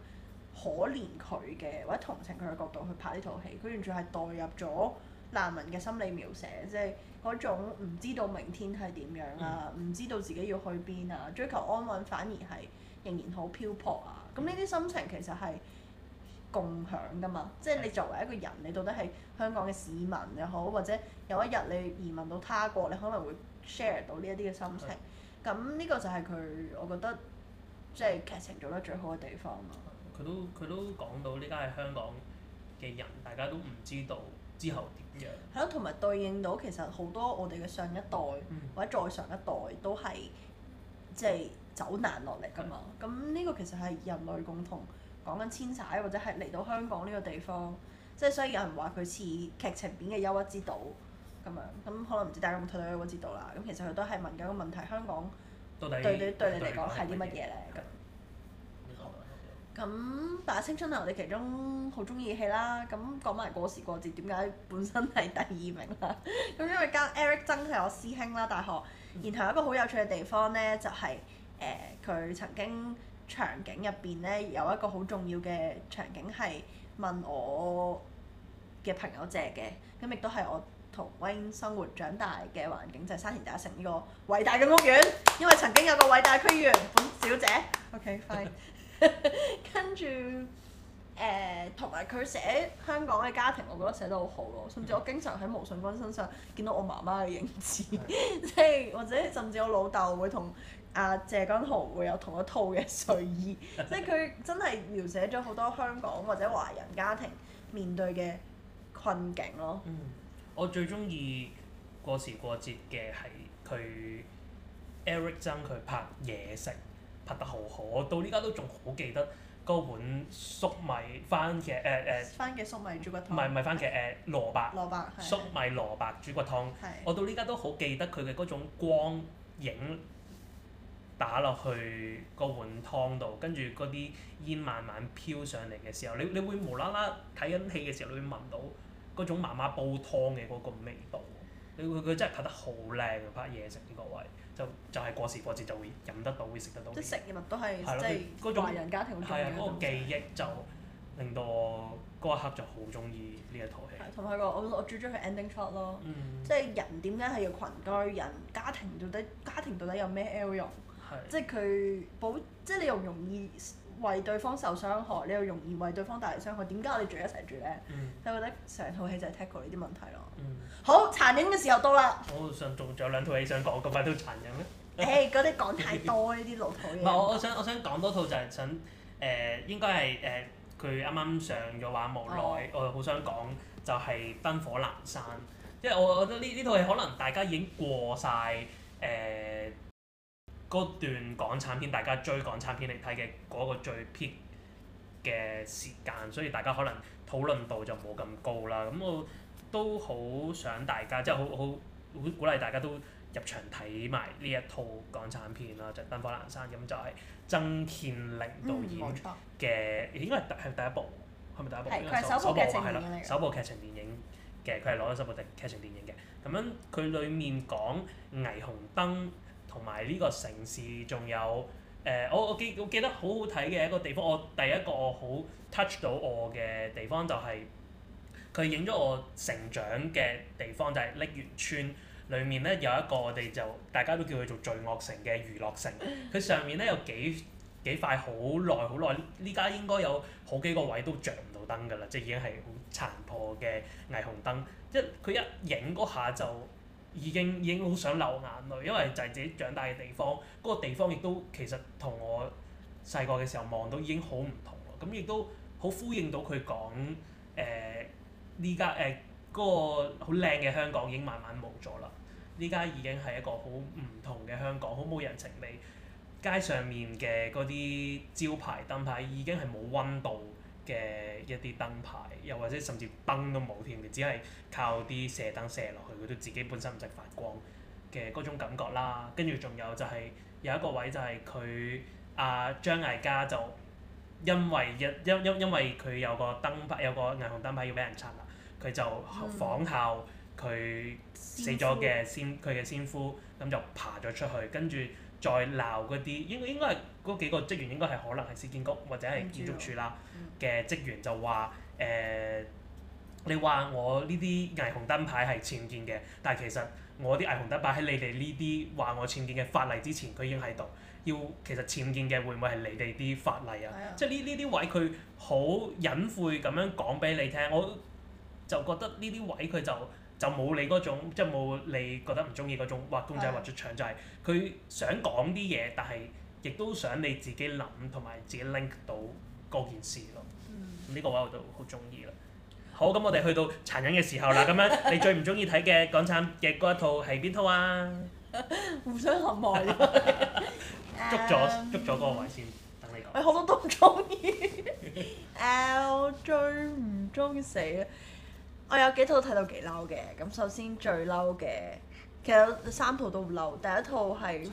可憐佢嘅或者同情佢嘅角度去拍呢套戲，佢完全係代入咗難民嘅心理描寫，即係。嗰種唔知道明天係點樣啊，唔、嗯、知道自己要去邊啊，追求安穩反而係仍然好漂泊啊。咁呢啲心情其實係共享噶嘛，即係、嗯、你作為一個人，你到底係香港嘅市民又好，或者有一日你移民到他國，你可能會 share 到呢一啲嘅心情。咁呢、嗯、個就係佢，我覺得即係劇情做得最好嘅地方咯、啊。佢都佢都講到呢家係香港嘅人，大家都唔知道之後。係咯，同埋對應到其實好多我哋嘅上一代或者再上一代都係即係走難落嚟㗎嘛。咁呢個其實係人類共同講緊遷徙，或者係嚟到香港呢個地方，即係所以有人話佢似劇情片嘅憂鬱之島咁樣。咁可能唔知大家有冇睇到憂鬱之島啦。咁其實佢都係問緊個問題：香港對你，到底，對，對你嚟講係啲乜嘢咧？咁白日青春，我哋其中好中意嘅戲啦。咁講埋過時過節，點解本身係第二名啦？咁 因為交 Eric 曾係我師兄啦，大學。然後一個好有趣嘅地方咧，就係誒佢曾經場景入邊咧有一個好重要嘅場景係問我嘅朋友借嘅。咁亦都係我同 Wayne 生活長大嘅環境，就係沙田第一城呢個偉大嘅屋苑，因為曾經有個偉大區議員小姐。 OK，fine Okay。 跟住，誒、呃，同埋佢寫香港嘅家庭，我覺得寫得好好咯。甚至我經常喺毛舜筠身上見到我媽媽嘅影子，即係、嗯、 或者甚至我老豆會同阿、啊、謝君豪會有同一套嘅睡衣， 即係佢真係描寫咗好多香港或者華人家庭面對嘅困境咯。嗯、 我最中意過時過節嘅係佢 Eric 憎佢拍嘢食。拍得好好，我到依家都仲好記得嗰碗粟米番茄誒誒，呃呃、番茄粟米豬骨湯，唔係唔係番茄誒的蘿蔔，的蘿蔔係粟米蘿蔔豬骨湯。的我到依家都好記得佢嘅嗰種光影打落去嗰碗湯度，跟住嗰啲煙慢慢飄上嚟嘅時候，你你會無啦啦睇緊戲嘅時候，你會聞到嗰種媽媽煲湯嘅嗰個味道。你佢佢真係拍得好靚啊！拍嘢食呢個位。就就係、是、過時過節就會飲得到，會食得到。即食嘅物都係即華人家庭嗰種。係啊，嗰個記憶就令到、嗯、嗰一刻就好中意呢一套戲。同埋個我我最中意佢 ending shot 咯，嗯、即係人點解係要群居？人家庭到底家庭到底有咩作用？的即係佢保，即係你又容易。為對方受傷害，你又容易為對方帶來傷害，點解我哋住一齊住咧？就、嗯、覺得成套戲就係 tackle 呢啲問題咯。嗯、好殘忍嘅時候到啦！我想仲仲有兩套戲想講，講翻都殘忍咧。誒、 哎，嗰啲講太多呢啲 老套嘢。我想我想講多套就係想誒，應該係誒，佢啱啱上咗話冇耐，嗯、我又好想講就係《燈火闌珊》，即係我覺得呢呢套戲可能大家已經過晒。誒、呃。嗰段港產片，大家追港產片嚟睇嘅嗰個最 peak 嘅時間，所以大家可能討論度就冇咁高啦。咁我都好想大家，即係好好鼓勵大家都入場睇埋呢一套港產片啦，就係《燈火闌珊》。咁就係曾憲寧導演嘅，應該係係第一部，係咪第一部？佢係首部劇情電影，首部劇情電影嘅，佢係攞咗首部劇情電影嘅。咁樣佢裡面講霓虹燈。同埋呢個城市，仲有誒、呃，我我記我記得好好睇嘅一個地方。我第一個我好 touch 到我嘅地方就係佢影咗我成長嘅地方，就係瀝源村裡面咧有一個我哋就大家都叫佢做罪惡城嘅娛樂城。佢上面咧有幾幾塊好耐好耐，呢家應該有好幾個位都着唔到燈㗎啦，即係已經係好殘破嘅霓虹燈。即一佢一影嗰下就～已經已經好想流眼淚，因為就係自己長大嘅地方，嗰個地方亦都其實同我細個嘅時候望到已經好唔同。咁亦都好呼應到佢講誒，呢家誒嗰個好靚嘅香港已經慢慢冇咗啦。呢家已經係一個好唔同嘅香港，好冇人情味，街上面嘅嗰啲招牌燈牌已經係冇溫度。嘅一啲燈牌，又或者甚至燈都冇添，佢只係靠啲射燈射落去，佢都自己本身唔使發光嘅嗰種感覺啦。跟住仲有就係、是、有一個位就係佢阿張艾嘉，就因為因因因因為，佢有個燈牌有個霓虹燈牌要俾人拆啦，佢就仿效佢死咗嘅先佢嘅先夫，咁就爬咗出去，跟住再鬧嗰啲應該應該係。嗰幾個職員應該係可能係市建局或者係建築署啦嘅職員就話：誒、呃，你話我呢啲霓虹燈牌係僭建嘅，但係其實我啲霓虹燈牌喺你哋呢啲話我僭建嘅法例之前，佢已經喺度。要其實僭建嘅會唔會係你哋啲法例啊？即係呢呢啲位佢好隱晦咁樣講俾你聽，我就覺得呢啲位佢就就冇你嗰種，即係冇你覺得唔中意嗰種畫公仔畫出腸，啊、就係佢想講啲嘢，但係。亦都想你自己諗同埋自己 link 到嗰件事咯，咁呢個話我就好中意啦。好，咁我哋去到殘忍嘅時候啦，咁樣你最唔中意睇嘅港產嘅嗰一套係邊套啊？互相陷害咯，捉咗捉咗嗰個位先等你講。我好多都唔中意。誒，我最唔中意死啊！我有幾套睇到幾嬲嘅，咁首先最嬲嘅，其實三套都唔嬲。第一套係。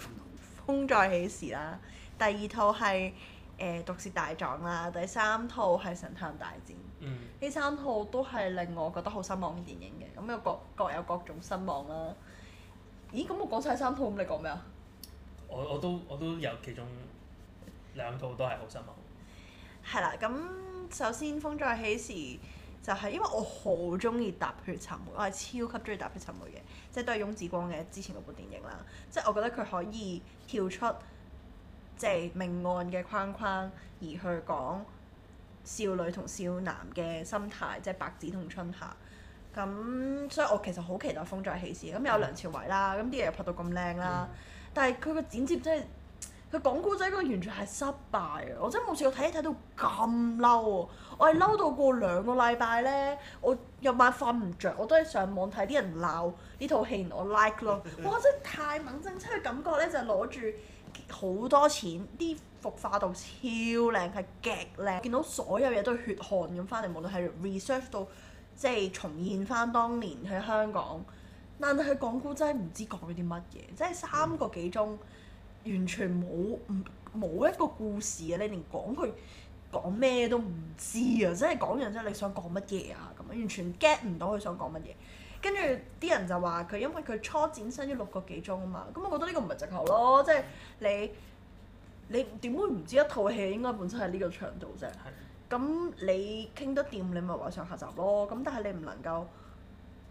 《風再起時》啦，第二套係《誒、呃、毒舌大狀》啦，第三套係《神探大戰》。嗯。呢三套都係令我覺得好失望嘅電影嘅，咁又各各有各種失望啦。咦？咁我講晒三套，咁你講咩啊？我我都我都有其中兩套都係好失望。係啦，咁首先《風再起時》。就係因為我好中意《踏血尋梅》，我係超級中意《踏血尋梅》嘅，即係都係翁子光嘅之前嗰部電影啦。即係我覺得佢可以跳出即係、就是、命案嘅框框而去講少女同少男嘅心態，即係白只同春夏。咁所以我其實好期待《風再起時》。咁有梁朝偉啦，咁啲嘢又拍到咁靚啦，但係佢個剪接真係～佢講古仔嗰個完全係失敗啊！我真係冇試過睇一睇到咁嬲啊。我係嬲到過兩個禮拜咧，我日晚瞓唔着，我都係上網睇啲人鬧呢套戲，我 like 咯， 哇！真係太猛正出嘅感覺咧，就攞住好多錢，啲服化道超靚，係極靚，見到所有嘢都係血汗咁翻嚟，無論係 research 到即係重現翻當年喺香港，但係佢講古仔唔知講咗啲乜嘢，即係三個幾鐘。嗯。完全冇唔冇一個故事啊，你連講佢講咩都唔知啊！真係講完之後你想講乜嘢啊？咁樣，完全 get 唔到佢想講乜嘢。跟住啲人就話佢因為佢初剪身咗六個幾鐘啊嘛，咁我覺得呢個唔係借口咯，即係你你點會唔知一套戲應該本身係呢個長度啫？咁、嗯、你傾得掂，你咪話上下集咯。咁但係你唔能夠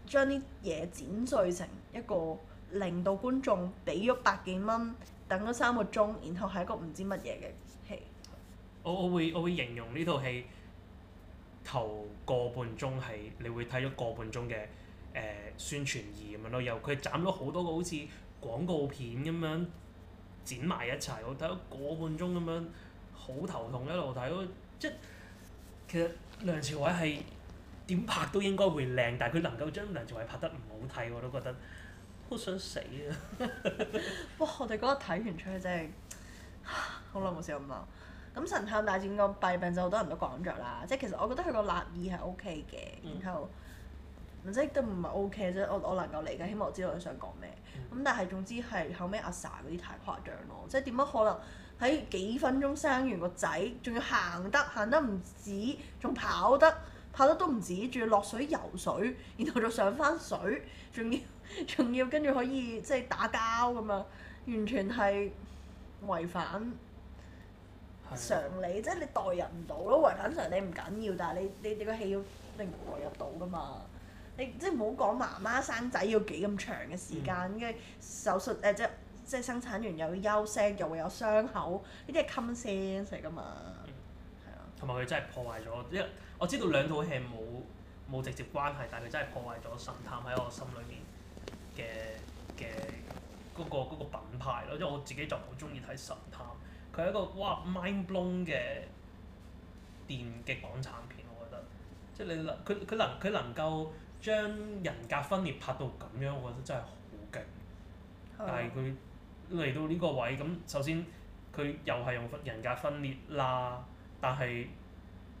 將啲嘢剪碎成一個。嗯嗯令到觀眾俾咗百幾蚊，等咗三個鐘，然後係一個唔知乜嘢嘅戲。我我會我會形容呢套戲，頭個半鐘係你會睇咗個半鐘嘅誒宣傳二咁樣咯，由佢斬咗好多個好似廣告片咁樣剪埋一齊，我睇咗個半鐘咁樣好頭痛，一路睇即其實梁朝偉係點拍都應該會靚，但係佢能夠將梁朝偉拍得唔好睇，我都覺得。好想死啊！ 哇！我哋嗰日睇完出去真係好耐冇笑啊嘛。咁《神探大戰》個弊病就好多人都講咗啦，即係其實我覺得佢個立意係 OK 嘅，然後唔知、嗯、都唔係 OK 啫。我我能夠理解，希望我知道佢想講咩。咁、嗯、但係總之係後尾阿 Sa 嗰啲太誇張咯，即係點樣可能喺幾分鐘生完個仔，仲要行得行得唔止，仲跑得。拍得都唔止，仲要落水游水，然後就上翻水，仲要仲要跟住可以即係打交咁啊！完全係違反常理，嗯、即係你代入唔到咯。違反常理唔緊要，但係你你你個戲要令代入到噶嘛？你即係唔好講媽媽生仔要幾咁長嘅時間，跟住、嗯、手術誒即係即係生產完又要休息，又會有傷口，呢啲係 common sense 噶嘛？同埋佢真係破壞咗，因為我知道兩套戲冇冇直接關係，但係佢真係破壞咗《神探》喺我心裏面嘅嘅嗰個嗰個品牌咯。因為我自己就好中意睇《神探》，佢係一個哇 mind blown 嘅電擊港產片，我覺得。即係你佢佢能佢能夠將人格分裂拍到咁樣，我覺得真係好勁。的但係佢嚟到呢個位咁，首先佢又係用人格分裂啦。但係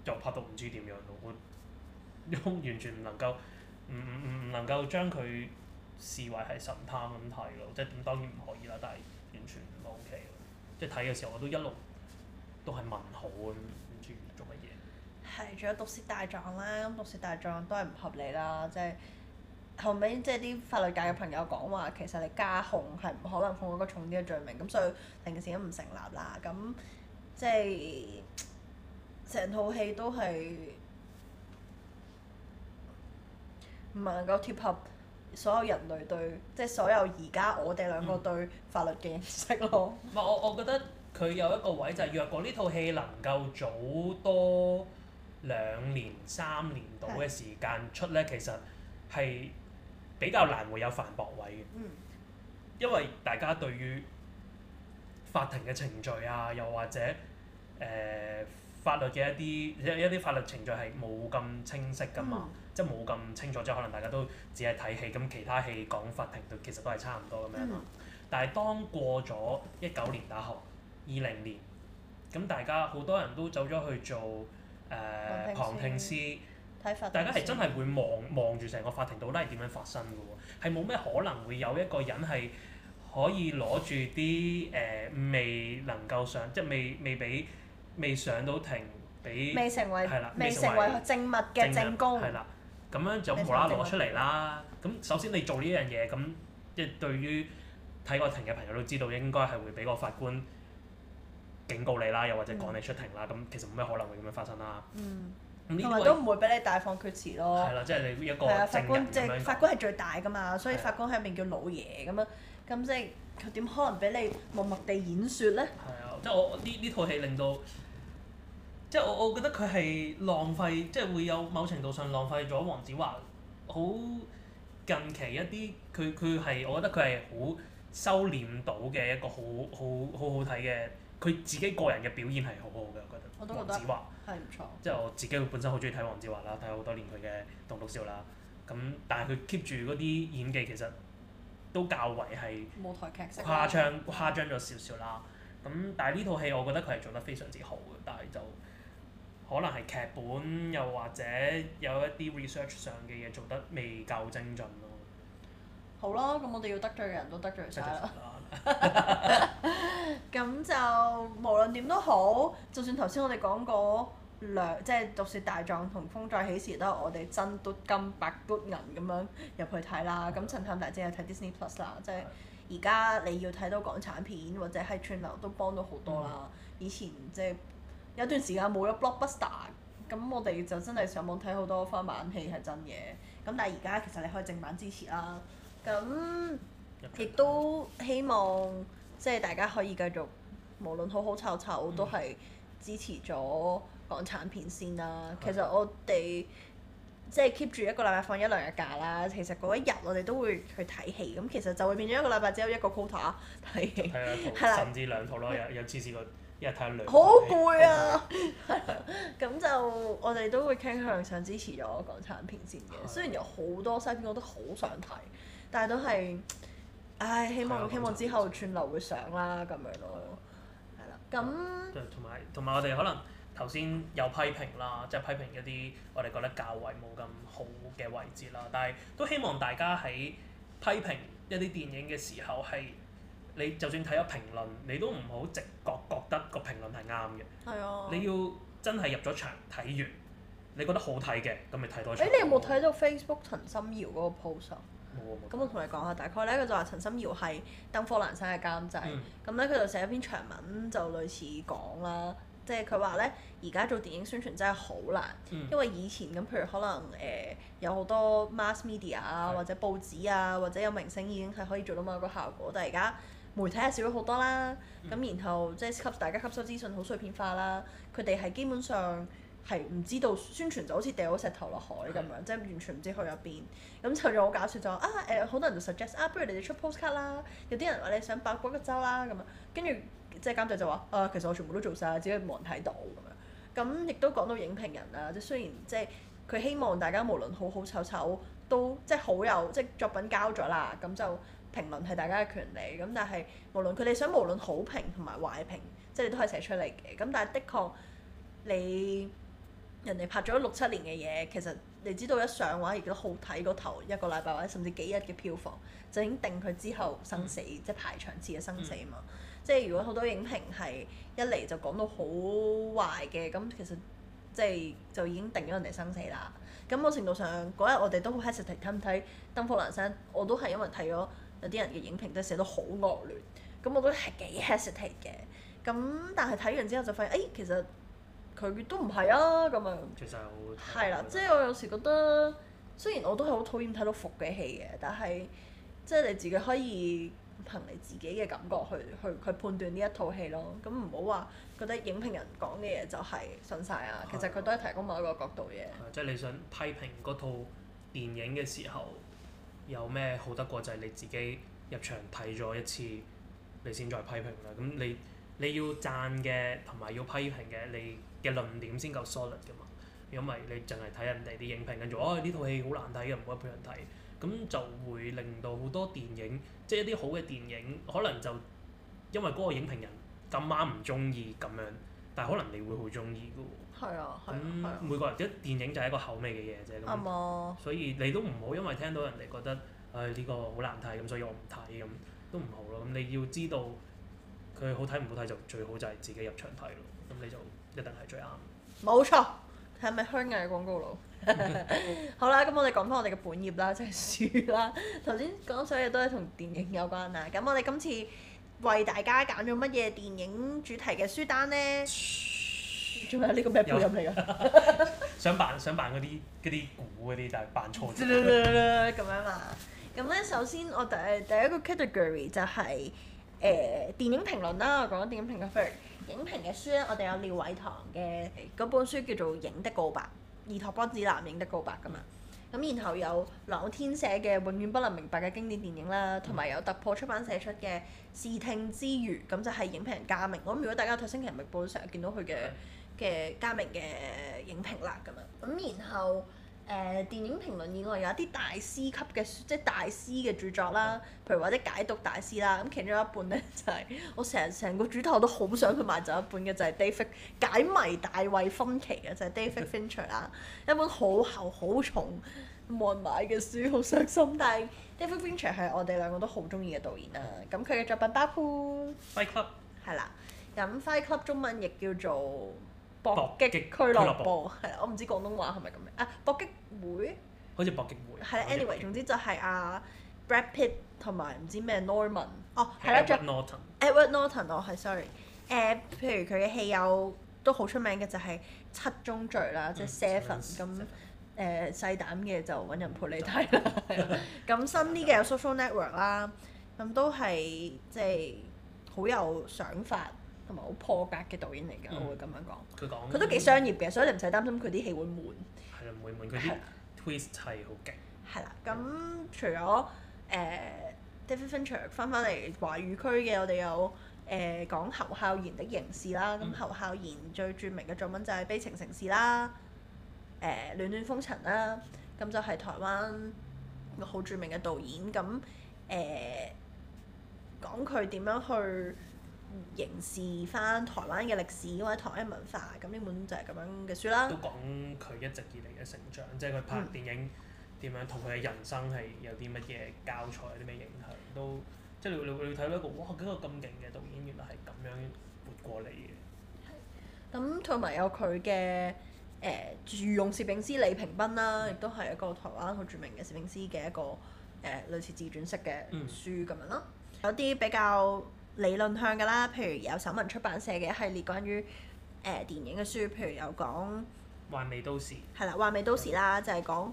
又拍到唔知點樣咯，我完全唔能夠，唔唔唔能夠將佢視為係實探咁睇咯，即係當然唔可以啦，但係完全唔 OK 即係睇嘅時候我都一路都係問號咁，唔、嗯、知做乜嘢。係，仲有毒舌大狀啦，咁毒舌大狀都係唔合理啦，即、就、係、是、後尾，即係啲法律界嘅朋友講話，其實你加控係唔可能控到個重啲嘅罪名，咁所以定件事都唔成立啦，咁即係。就是成套戲都係唔能夠貼合所有人類對，即係所有而家我哋兩個對法律嘅認識咯。唔 係我我覺得佢有一個位就係，若果呢套戲能夠早多兩年、三年度嘅時間出呢，是的 其實係比較難會有犯駁位嘅。嗯。因為大家對於法庭嘅程序啊，又或者誒。呃法律嘅一啲一一啲法律程序係冇咁清晰噶嘛，嗯、即係冇咁清楚，即係可能大家都只係睇戲，咁其他戲講法庭度其實都係差唔多咁樣啦。嗯、但係當過咗一九年打後二零年，咁大家好多人都走咗去做誒、呃、旁聽師，法大家係真係會望望住成個法庭到底係點樣發生嘅喎，係冇咩可能會有一個人係可以攞住啲誒未能夠上即係未未俾。未未上到庭，俾未成為未成為證物嘅證供，係啦。咁樣就無啦啦攞出嚟啦。咁首先你做呢樣嘢，咁即係對於睇過庭嘅朋友都知道，應該係會俾個法官警告你啦，又或者趕你出庭啦。咁其實冇咩可能會咁樣發生啦。嗯，同埋都唔會俾你大放厥詞咯。係啦，即係你一個法官，即係法官係最大噶嘛，所以法官係一名叫老爺咁樣，咁即係佢點可能俾你默默地演説咧？係啊，即係我呢呢套戲令到。即係我我覺得佢係浪費，即係會有某程度上浪費咗黃子華好近期一啲，佢佢係我覺得佢係好收斂到嘅一個好好好，好好好好睇嘅，佢自己個人嘅表現係好好嘅，我覺得。我都覺得。黃子華係唔錯。即係我，我自己本身好鍾意睇黃子華啦，睇好多年佢嘅《棟篤笑》啦，咁但係佢 keep 住嗰啲演技其實都較為係舞台劇式誇張誇張咗少少啦。咁但係呢套戲我覺得佢係做得非常之好嘅，但係就可能係劇本又或者有一啲 research 上嘅嘢做得未夠精準咯好。好啦，咁我哋要得罪嘅人都得罪晒。 咁就無論點都好，就算頭先我哋講嗰兩，即係《毒舌大狀》同《風再起時》都我哋真都金白骨銀咁樣入去睇啦。咁神探大戰係睇 Disney Plus 啦，即係而家你要睇到港產片或者係串流都幫到好多啦。嗯、以前即係。即係有段時間冇咗 blockbuster，咁我哋就真係上網睇好多翻版戲係真嘅。咁但係而家其實你可以正版支持啦，咁亦都希望即係大家可以繼續無論好好醜醜都係支持咗港產片先啦。嗯、其實我哋即係 keep 住一個禮拜放一兩日假啦。其實嗰一日我哋都會去睇戲，咁其實就會變咗一個禮拜只有一個 quota 睇戲， 甚至兩套咯了，有有次試過。一日睇好攰啊！係啦，咁就我哋都會傾向想支持咗港產片先嘅。的雖然有好多西片，我都好想睇，但係都係，唉，希望希望之後串流會上啦，咁樣咯，係啦麼。咁同埋同埋我哋可能頭先有批評啦，即係批評一啲我哋覺得較為冇咁好嘅位置啦。但係都希望大家喺批評一啲電影嘅時候係。你就算睇咗評論，你都唔好直覺覺得個評論係啱嘅。係啊。你要真係入咗場睇完，你覺得好睇嘅，咁咪睇多一場。誒、欸，你有冇睇到 Facebook 陳心遙嗰個 post 啊、嗯？咁我同你講下，大概呢，佢就話陳心遙係《燈火闌珊》嘅監製。嗯。咁咧，佢就寫一篇長文，就類似講啦，即係佢話呢：「而家做電影宣傳真係好難，嗯、因為以前咁，譬如可能誒、呃、有好多 mass media 啊是，或者報紙啊，或者有明星已經係可以做到某一個效果，但係而家。媒體係少咗好多啦，咁、嗯、然後即係吸大家吸收資訊好碎片化啦。佢哋係基本上係唔知道宣傳就好似掉咗石頭落海咁樣，即係、嗯、完全唔知去咗邊。咁就仲好搞笑就啊，好、呃、多人就 suggest 啊，不如你哋出 postcard 啦。有啲人話你想包嗰一洲啦咁樣，跟住即係監製就話啊，其實我全部都做晒，只係冇人睇到咁樣。咁亦都講到影評人啊，即係雖然即係佢希望大家無論好好醜醜都即係好有即係作品交咗啦，咁就。評論係大家嘅權利，咁但係無論佢哋想無論好評同埋壞評，即係你都係寫出嚟嘅。咁但係的確，你人哋拍咗六七年嘅嘢，其實你知道一上畫亦都好睇嗰頭一個禮拜或者甚至幾日嘅票房就已經定佢之後生死，嗯、即係排場次嘅生死嘛。嗯、即係如果好多影評係一嚟就講到好壞嘅，咁其實即係就已經定咗人哋生死啦。咁某程度上嗰日我哋都好 hesitate 睇唔睇《燈火闌珊》，我都係因為睇咗。有啲人嘅影評都寫得好惡劣，咁我覺得係幾 hesitate 嘅。咁但係睇完之後就發現，誒其實佢都唔係啊。咁樣，其實有、啊，係啦，即係我有時覺得，雖然我都係好討厭睇到伏嘅戲嘅，但係即係你自己可以憑你自己嘅感覺去去、嗯、去判斷呢一套戲咯。咁唔好話覺得影評人講嘅嘢就係信晒啊。嗯、其實佢都係提供某一個角度嘅、嗯。即係你想批評嗰套電影嘅時候。有咩好得過就係你自己入場睇咗一次，你先再批評啦。咁你你要讚嘅同埋要批評嘅，你嘅論點先夠 solid 㗎嘛。因為你淨係睇人哋啲影評，跟住啊呢套戲好難睇嘅，唔可以俾人睇。咁就會令到好多電影，即係一啲好嘅電影，可能就因為嗰個影評人咁啱唔中意咁樣，但係可能你會好中意㗎。係啊，咁每個人嘅電影就係一個口味嘅嘢啫，咁、 嗯、所以你都唔好因為聽到人哋覺得誒呢、哎這個好難睇，咁所以我唔睇，咁都唔好咯。咁、嗯、你要知道佢好睇唔好睇就最好就係自己入場睇咯。咁、嗯、你就一定係最啱。冇錯，係咪虛偽嘅、這個、廣告佬？好啦，咁我哋講翻我哋嘅本業啦，即、就、係、是、書啦。頭先講所有嘢都係同電影有關啊。咁我哋今次為大家揀咗乜嘢電影主題嘅書單呢？ 仲有呢個咩配音嚟噶 想扮想扮嗰啲啲古嗰啲，但係扮錯。咁 樣嘛，咁咧，首先我第第一個 category 就係、是、誒、呃、電影評論啦。我講電影評論 影評嘅書咧，我哋有廖偉棠嘅嗰本書叫做《影的告白》，《二託邦指南《影的告白》噶嘛。咁然後有朗天寫嘅《永遠不能明白嘅經典電影》啦，同埋有突破出版社出嘅《視聽之餘》咁就係影評人家明。咁如果大家睇星期日《明報》成日見到佢嘅。嘅嘉明嘅影評啦，咁樣咁然後誒、呃、電影評論以外，有一啲大師級嘅書，即、就、係、是、大師嘅著作啦，譬如或者解讀大師啦。咁其中一半咧就係、是、我成日成個主題都好想去買走一本嘅，就係、是、David 解謎大衛芬奇嘅，就係 David Fincher 啦。 一本好厚好重冇人買嘅書，好傷心。但係 David Fincher 係我哋兩個都好中意嘅導演啦、啊。咁佢嘅作品包括 Fight Club 係啦，咁 Fight Club 中文亦叫做。搏擊俱樂部係啦，我唔知廣東話係咪咁樣啊？搏擊會，好似搏擊會係啦。anyway，總之就係阿 Brad Pitt 同埋唔知咩 Norman 哦，係啦，Edward Norton。Edward Norton 哦，係 sorry。誒，譬如佢嘅戲有都好出名嘅，就係七宗罪啦，即係 Seven。咁誒細膽嘅就搵人陪你睇啦。咁新啲嘅有 Social Network 啦，咁都係即係好有想法。同埋好破格嘅導演嚟㗎，嗯、我會咁樣講。佢講佢都幾商業嘅，嗯、所以你唔使擔心佢啲戲會悶。係啦，唔會悶。佢啲 twist 係好勁。係啦，咁除咗誒、呃、David Fincher 翻翻嚟華語區嘅，我哋有誒、呃、講侯孝賢的凝視啦。咁侯孝賢最著名嘅作品就係、是《悲情城市》啦。誒、呃，《戀戀風塵》啦，咁就係台灣好著名嘅導演。咁誒、呃、講佢點樣去凝視翻台灣嘅歷史或者台灣文化，咁呢本就係咁樣嘅書啦。都講佢一直以嚟嘅成長，即係佢拍電影點樣，同佢嘅人生係有啲乜嘢教材、有啲咩影響，都即係你你會睇到一個哇，幾個咁勁嘅導演原來係咁樣活過嚟嘅。咁同埋有佢嘅誒《御、呃、用攝影師李平斌》啦，亦都係一個台灣好著名嘅攝影師嘅一個誒、呃、類似自傳式嘅書咁、嗯、樣咯，有啲比較。理論向㗎啦，譬如有首文出版社嘅一系列關於誒、呃、電影嘅書，譬如有講《還未都市》，係啦，《還未都市》啦，就係講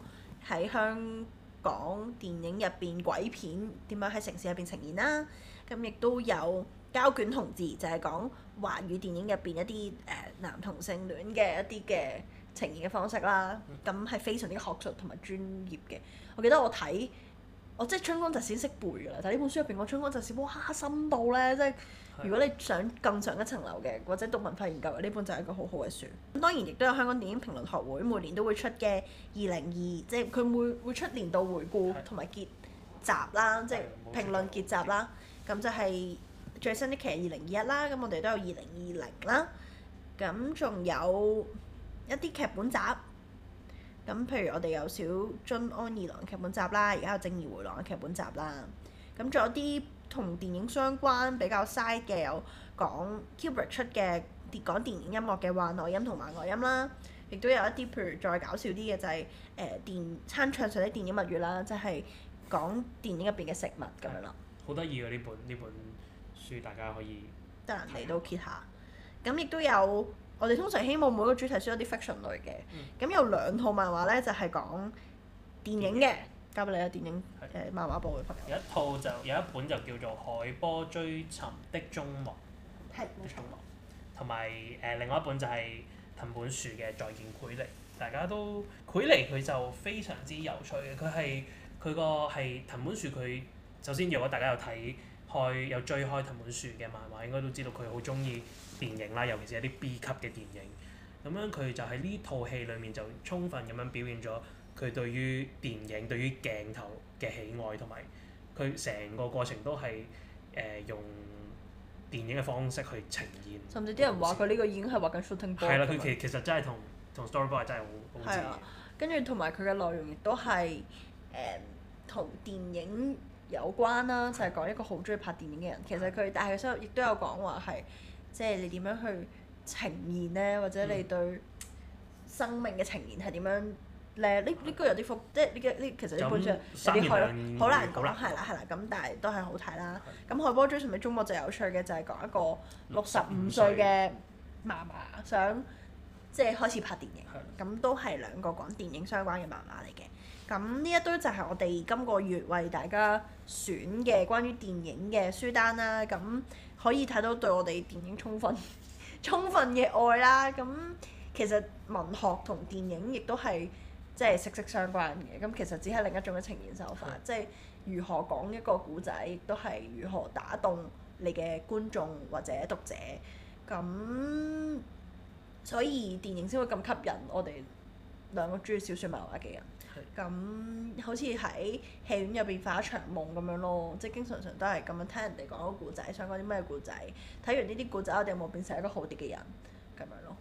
喺香港電影入邊鬼片點樣喺城市入邊呈現啦。咁、嗯、亦都有《膠卷同志》，就係講華語電影入邊一啲誒、呃、男同性戀嘅一啲嘅呈現嘅方式啦。咁係、嗯、非常之學術同埋專業嘅。我記得我睇。我即係春光就先識背噶啦，但係呢本書入邊個春光就係哇深到咧，即係如果你想更上一層樓嘅，或者讀文化研究嘅呢本就係一個好好嘅書。咁當然亦都有香港電影評論學會每年都會出嘅二零二，即係佢會會出年度回顧同埋的結集啦，即係的評論結集啦。咁錯就係最新啲劇二零二一啦，咁我哋都有二零二零啦，咁仲有一啲劇本集。咁譬如我哋有小津安二郎劇本集啦，而家有正義回廊嘅劇本集啦。咁仲有啲同電影相關比較嘥嘅，有講 Kubrick 出嘅講電影音樂嘅畫內音同畫外音啦。亦都有一啲，譬如再搞笑啲嘅就係、是、誒、呃、電餐桌上啲電影物語啦，就係、是、講電影入邊嘅食物咁的樣咯。好得意嘅呢本呢本書，大家可以得閒嚟都揭下。咁亦都有。我哋通常希望每個主題書有啲 fiction 類嘅，咁、嗯、有兩套漫畫咧就係、是、講電影嘅，交俾你啦電影誒是、呃、漫畫部嘅。有一套就有一本就叫做《海波追尋的終幕》，嗯、的終幕，同埋誒另外一本就係藤本樹嘅《再見距離》，大家都距離佢就非常之有趣嘅，佢係佢個係藤本樹，佢首先如果大家有睇開有追開藤本樹嘅漫畫，應該都知道佢好鍾意。電影啦，尤其是一啲 B 級嘅電影，咁樣佢就喺呢套戲裏面就充分咁樣表現咗佢對於電影、對於鏡頭嘅喜愛同埋，佢成個過程都係誒、呃、用電影嘅方式去呈現。甚至啲人話佢呢個已經係畫緊 shooting ball。係啦、啊，佢其實其實真係同同 storyboard 真係好好似。跟住同埋佢嘅內容亦都係誒同電影有關啦、啊，就係、是、講一個好中意拍電影嘅人。其實佢但係佢亦都有講話係。即係你點樣去呈現咧，或者你對生命嘅呈現係點樣咧？呢呢、嗯、個有啲複，即係呢個呢其實呢本書有啲好難講，係啦係啦，咁但係都係好睇啦。咁《海波追》上面中國就有趣嘅，就係講一個嫲嫲六十五歲嘅嫲嫲想即係、就是、開始拍電影，咁的都係兩個講電影相關嘅嫲嫲嚟嘅。咁呢一堆就係我哋今個月為大家選嘅關於電影嘅書單啦。咁可以睇到對我哋電影充分、 充分嘅愛啦。咁其實文學同電影亦都係即係息息相關嘅。咁其實只係另一種嘅呈現手法，的即係如何講一個古仔，亦都係如何打動你嘅觀眾或者讀者。咁所以電影先會咁吸引我哋兩個鍾意小説漫畫嘅人。咁好似喺戲院入邊發一場夢咁樣咯，即係經常常都係咁樣聽人哋講個故仔，想講啲咩故仔，睇完呢啲故仔，我哋有冇變成一個好啲嘅人咁樣咯？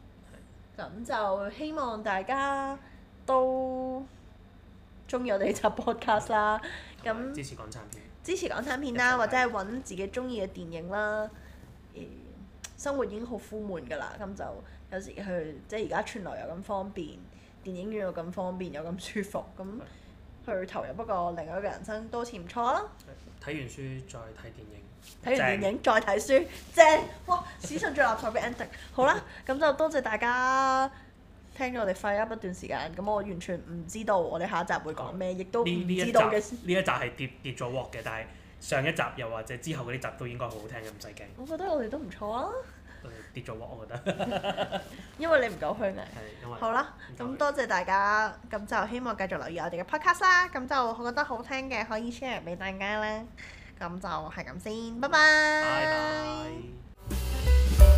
咁就希望大家都中意我哋呢集 podcast 啦。咁還有 那支持港產片，支持港產片啦，就是、或者係揾自己中意嘅電影啦、嗯。生活已經好苦悶㗎啦，咁就有時去即係而家串流又咁方便。電影院又咁方便又咁舒服，咁去投入不過另外一個人生都似唔錯啊！睇完書再睇電影，睇完電影正再睇書，正哇！史上最垃圾嘅 ending，好啦，咁就多謝大家聽咗我哋廢噏一段時間，咁我完全唔知道我哋下一集會講咩，亦、啊、都唔知道嘅。呢一集係先跌跌咗鑊嘅，但係上一集又或者之後嗰啲集都應該好好聽嘅，唔使驚。我覺得我哋都唔錯啊！跌咗鑊，我覺得。因為你唔夠虛偽啊。係因為。好啦，咁、啊、多謝大家，咁就希望繼續留意我哋嘅 podcast 啦。咁就覺得好聽嘅可以 share 俾大家啦。咁就係咁先，拜拜 bye bye。拜拜。